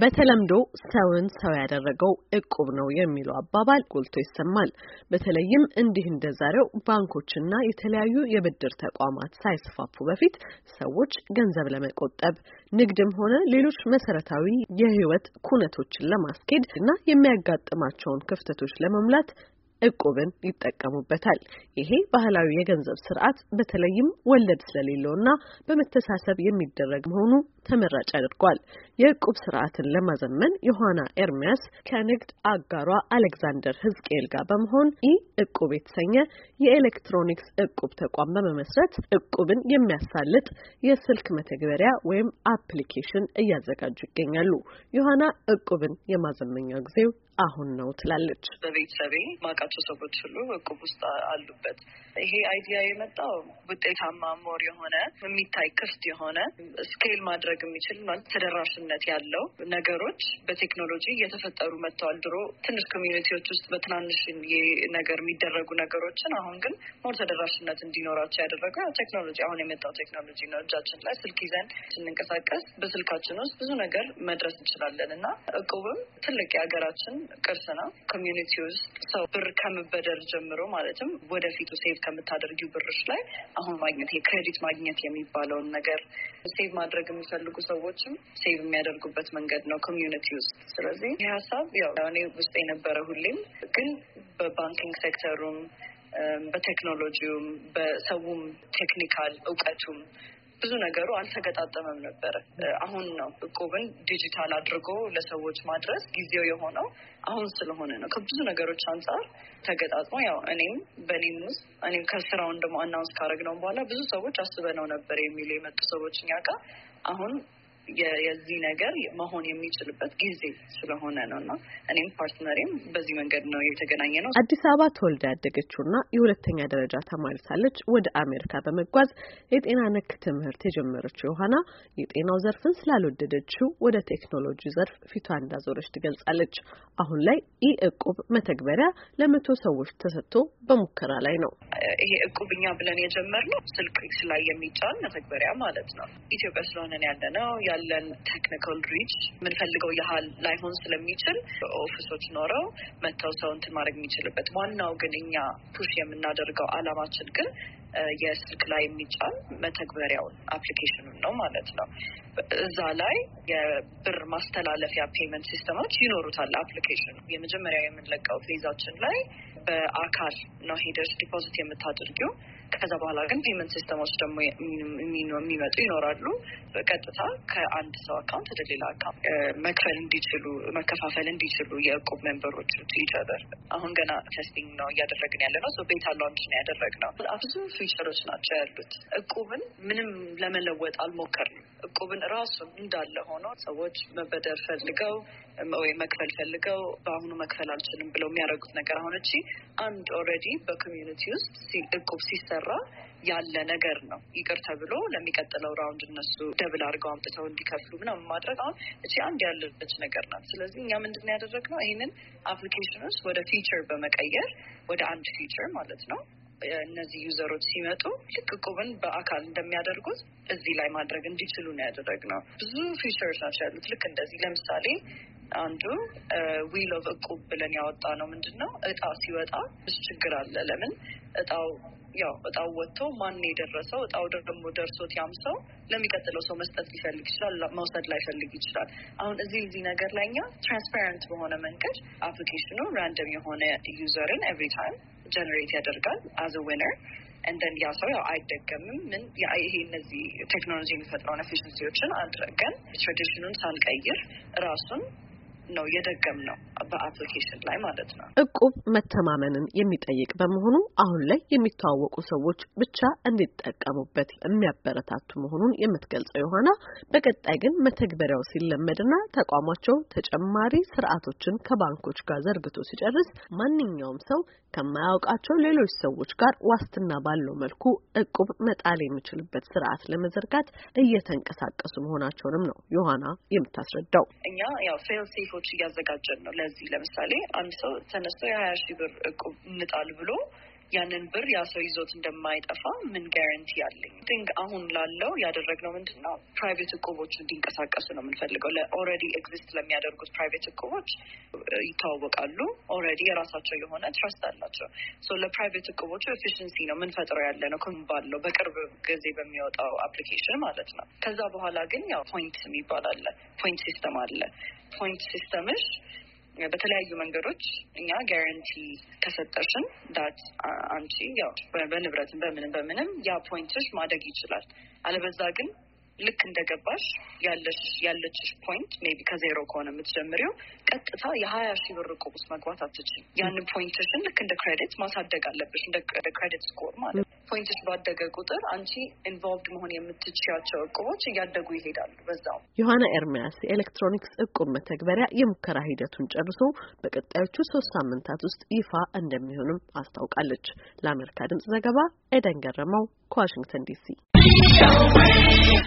በተለምዶ ሰውን ሰው ያደረገው እቁብ ነው የሚለው አባባል ጎልቶ ይሰማል። በተለይም እንዲህ እንደ ዛሬው ባንኮችና የተለያዩ የብድር ተቋማት ሳይስፋፉ በፊት ሰዎች ገንዘብ ለመቆጠብ ንግድም ሆነ ሌሎች መሰረታዊ የህይወት ኩነቶችን ለማስኬድ እና የሚያጋጥማቸውን ክፍተቶች ለመሙላት እቁብን ይጠቀሙበታል። ይሄ ባህላዊ የገንዘብ ስርዓት በተለይም ወለድ ስለሌለውና በመተሳሰብ የሚደረግ መሆኑ ተመራጭ አድርጓል። የእቁብ ስርዓትን ለማዘመን ዮሐና ኤርሚያስ ከንግድ አጋሯ አሌክዛንደር ህዝቅኤል ጋር በመሆን ኢ እቁብ የተሰኘ የኤሌክትሮኒክስ እቁብ ተቋም በመመስረት እቁብን የሚያሳልጥ የስልክ መተግበሪያ ወይም አፕሊኬሽን እያዘጋጁ ይገኛሉ። ዮሐና እቁብን የማዘመኛው ጊዜው አሁን ነው ትላለች። በቤተሰቤ ማቀ የሚያውቃቸው ሰዎች ሁሉ እቁብ ውስጥ አሉበት። ይሄ አይዲያ የመጣው ውጤታማ ሞር የሆነ የሚታይ ክፍት የሆነ ስኬል ማድረግ የሚችል ተደራሽነት ያለው ነገሮች በቴክኖሎጂ እየተፈጠሩ መጥተዋል። ድሮ ትንሽ ኮሚኒቲዎች ውስጥ በትናንሽ ነገር የሚደረጉ ነገሮችን አሁን ግን ሞር ተደራሽነት እንዲኖራቸው ያደረገው ቴክኖሎጂ አሁን የመጣው ቴክኖሎጂ ነው። እጃችን ላይ ስልክ ይዘን ስንንቀሳቀስ በስልካችን ውስጥ ብዙ ነገር መድረስ እንችላለን እና እቁብም ትልቅ የሀገራችን ቅርስ ነው። ኮሚዩኒቲ ውስጥ ሰው ብር ከመበደር ጀምሮ ማለትም ወደፊቱ ሴቭ ከምታደርጊው ብርሽ ላይ አሁን ማግኘት የክሬዲት ማግኘት የሚባለውን ነገር ሴቭ ማድረግ የሚፈልጉ ሰዎችም ሴቭ የሚያደርጉበት መንገድ ነው ኮሚዩኒቲ ውስጥ። ስለዚህ ይህ ሀሳብ ያው እኔ ውስጥ የነበረ ሁሌም ግን በባንኪንግ ሴክተሩም በቴክኖሎጂውም በሰውም ቴክኒካል እውቀቱም ብዙ ነገሩ አልተገጣጠመም ነበረ። አሁን ነው እቁብን ዲጂታል አድርጎ ለሰዎች ማድረስ ጊዜው የሆነው አሁን ስለሆነ ነው። ከብዙ ነገሮች አንጻር ተገጣጥሞ ያው እኔም በእኔም ውስጥ እኔም ከስራውን ደግሞ አናውንስ ካደረግነው በኋላ ብዙ ሰዎች አስበነው ነበር የሚሉ የመጡ ሰዎች እኛ ጋር አሁን የዚህ ነገር መሆን የሚችልበት ጊዜ ስለሆነ ነው እና እኔም ፓርትነሬም በዚህ መንገድ ነው የተገናኘ ነው። አዲስ አበባ ተወልዳ ያደገችውና የሁለተኛ ደረጃ ተማሪ ሳለች ወደ አሜሪካ በመጓዝ የጤና ነክ ትምህርት የጀመረችው ዮሐና የጤናው ዘርፍን ስላልወደደችው ወደ ቴክኖሎጂ ዘርፍ ፊቷ እንዳዞረች ትገልጻለች። አሁን ላይ ይህ እቁብ መተግበሪያ ለመቶ ሰዎች ተሰጥቶ በሙከራ ላይ ነው። ይሄ እቁብ እኛ ብለን የጀመርነው ስልክ ላይ የሚጫን መተግበሪያ ማለት ነው። ኢትዮጵያ ስለሆነን ያለ ነው ያለን ቴክኒካል ሪች የምንፈልገው ያህል ላይሆን ስለሚችል ኦፊሶች ኖረው መጥተው ሰው እንትን ማድረግ የሚችልበት ዋናው ግን እኛ ፑሽ የምናደርገው አላማችን ግን የስልክ ላይ የሚጫን መተግበሪያውን አፕሊኬሽኑን ነው ማለት ነው። እዛ ላይ የብር ማስተላለፊያ ፔመንት ሲስተሞች ይኖሩታል። አፕሊኬሽኑ የመጀመሪያ የምንለቀው ፌዛችን ላይ በአካል ነው ሄደሽ ዲፖዚት የምታደርጊው። ከዛ በኋላ ግን ፔመንት ሲስተሞች ደግሞ የሚመጡ ይኖራሉ። በቀጥታ ከአንድ ሰው አካውንት ወደ ሌላ አካውንት መክፈል እንዲችሉ መከፋፈል እንዲችሉ የእቁብ ሜምበሮች ፊቸር አሁን ገና ቴስቲንግ ነው እያደረግን ያለ ነው። ቤታ ላውንች ነው ያደረግ ነው። ብዙ ፊቸሮች ናቸው ያሉት። እቁብን ምንም ለመለወጥ አልሞከርንም። እቁብን ራሱ እንዳለ ሆኖ ሰዎች መበደር ፈልገው ወይ መክፈል ፈልገው በአሁኑ መክፈል አልችልም ብለው የሚያደርጉት ነገር አሁን እቺ አንድ ኦልሬዲ በኮሚዩኒቲ ውስጥ እቁብ ሲሰራ ያለ ነገር ነው። ይቅር ተብሎ ለሚቀጥለው ራውንድ እነሱ ደብል አድርገው አምጥተው እንዲከፍሉ ምናምን ማድረግ አሁን እቺ አንድ ያለበች ነገር ናት። ስለዚህ እኛ ምንድን ያደረግነው ይህንን አፕሊኬሽን ውስጥ ወደ ፊቸር በመቀየር ወደ አንድ ፊቸር ማለት ነው እነዚህ ዩዘሮች ሲመጡ ልክ ቁብን በአካል እንደሚያደርጉት እዚህ ላይ ማድረግ እንዲችሉ ነው ያደረግነው። ብዙ ፊቸርስ ናቸው ያሉት። ልክ እንደዚህ ለምሳሌ አንዱ ዊል ኦፍ እቁብ ብለን ያወጣ ነው ምንድን ነው እጣ ሲወጣ ብዙ ችግር አለ። ለምን እጣው ያው እጣው ወጥቶ ማን የደረሰው እጣው ደግሞ ደርሶት ያም ሰው ለሚቀጥለው ሰው መስጠት ሊፈልግ ይችላል፣ መውሰድ ላይፈልግ ይችላል። አሁን እዚህ እዚህ ነገር ላይ እኛ ትራንስፓረንት በሆነ መንገድ አፕሊኬሽኑ ራንደም የሆነ ዩዘርን ኤቭሪ ታይም ጀነሬት ያደርጋል አዘ ዊነር እንደን ያ ሰው ያው አይደገምም። ምን ይሄ እነዚህ ቴክኖሎጂ የሚፈጥረውን ኤፊሽንሲዎችን አድረገን ትራዲሽኑን ሳንቀይር ራሱን ነው የደገም ነው በአፕሊኬሽን ላይ ማለት ነው። እቁብ መተማመንን የሚጠይቅ በመሆኑ አሁን ላይ የሚተዋወቁ ሰዎች ብቻ እንዲጠቀሙበት የሚያበረታቱ መሆኑን የምትገልጸው የሆነ በቀጣይ ግን መተግበሪያው ሲለመድና ተቋማቸው ተጨማሪ ስርዓቶችን ከባንኮች ጋር ዘርግቶ ሲጨርስ ማንኛውም ሰው ከማያውቃቸው ሌሎች ሰዎች ጋር ዋስትና ባለው መልኩ እቁብ መጣል የሚችልበት ስርዓት ለመዘርጋት እየተንቀሳቀሱ መሆናቸውንም ነው ዮሐና የምታስረዳው። እኛ ያው ፌል ሴፍ እቅዶች እያዘጋጀን ነው። ለዚህ ለምሳሌ አንድ ሰው ተነስቶ የሀያ ሺህ ብር እቁብ እንጣል ብሎ ያንን ብር ያ ሰው ይዞት እንደማይጠፋ ምን ጋራንቲ አለኝ? ቲንክ አሁን ላለው ያደረግነው ምንድን ነው ፕራይቬት እቁቦች እንዲንቀሳቀሱ ነው የምንፈልገው። ኦልሬዲ ኤግዚስት ለሚያደርጉት ፕራይቬት እቁቦች ይታወቃሉ። ኦልሬዲ የራሳቸው የሆነ ትረስት አላቸው። ሶ ለፕራይቬት እቁቦቹ ኤፊሽንሲ ነው የምንፈጥረው ያለ ነው ክም ባለው በቅርብ ጊዜ በሚወጣው አፕሊኬሽን ማለት ነው። ከዛ በኋላ ግን ያው ፖይንት የሚባል አለ። ፖይንት ሲስተም አለ። ፖይንት ሲስተምሽ በተለያዩ መንገዶች እኛ ጋራንቲ ከሰጠሽን ዳት አንቺ ያው በንብረትን በምንም በምንም ያ ፖይንትሽ ማደግ ይችላል። አለበዛ ግን ልክ እንደገባሽ ያለችሽ ፖይንት ቢ ከዜሮ ከሆነ የምትጀምሪው ቀጥታ የሀያ ሺህ ብር ቁቡስ መግባት አትችል። ያንን ፖይንትሽን ልክ እንደ ክሬዲት ማሳደግ አለብሽ፣ እንደ ክሬዲት ስኮር ማለት ነው። ፖይንትሽ ባደገ ቁጥር አንቺ ኢንቮልቭድ መሆን የምትችያቸው እቁቦች እያደጉ ይሄዳሉ። በዛው ዮሐና ኤርሚያስ የኤሌክትሮኒክስ እቁብ መተግበሪያ የሙከራ ሂደቱን ጨርሶ በቀጣዮቹ ሶስት ሳምንታት ውስጥ ይፋ እንደሚሆንም አስታውቃለች። ለአሜሪካ ድምጽ ዘገባ ኤደን ገረመው ከዋሽንግተን ዲሲ